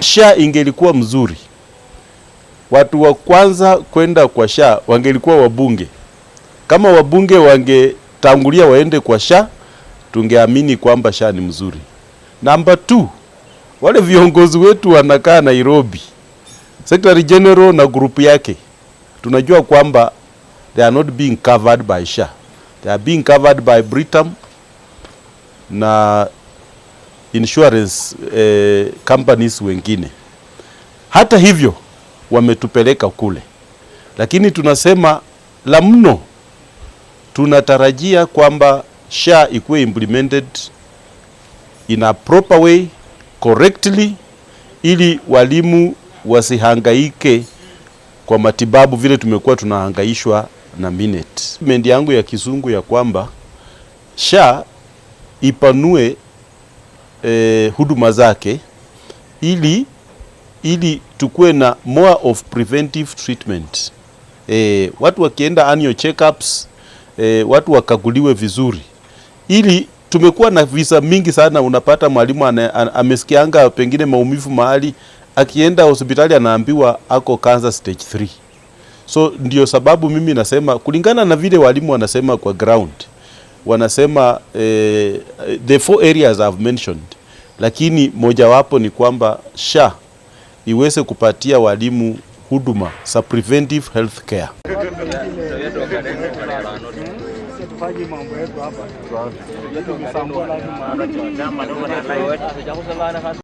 Sha ingelikuwa mzuri, watu wa kwanza kwenda kwa sha wangelikuwa wabunge. Kama wabunge wangetangulia waende kwa sha, tungeamini kwamba sha ni mzuri. Namba 2 wale viongozi wetu wanakaa Nairobi Secretary General na grupu yake tunajua kwamba they are not being covered by SHA. They are being covered by Britam na insurance eh, companies wengine. Hata hivyo wametupeleka kule, lakini tunasema la mno, tunatarajia kwamba SHA ikuwe implemented in a proper way correctly, ili walimu wasihangaike kwa matibabu vile tumekuwa tunahangaishwa na Minet. Mendi yangu ya kizungu ya kwamba SHA ipanue eh, huduma zake ili, ili tukue na more of preventive treatment eh, watu wakienda annual checkups eh, watu wakaguliwe vizuri ili tumekuwa na visa mingi sana. Unapata mwalimu amesikianga pengine maumivu mahali akienda hospitali anaambiwa ako cancer stage 3. So ndio sababu mimi nasema kulingana na vile walimu wanasema kwa ground wanasema eh, the four areas I've mentioned, lakini mojawapo ni kwamba SHA iweze kupatia walimu huduma za preventive health care.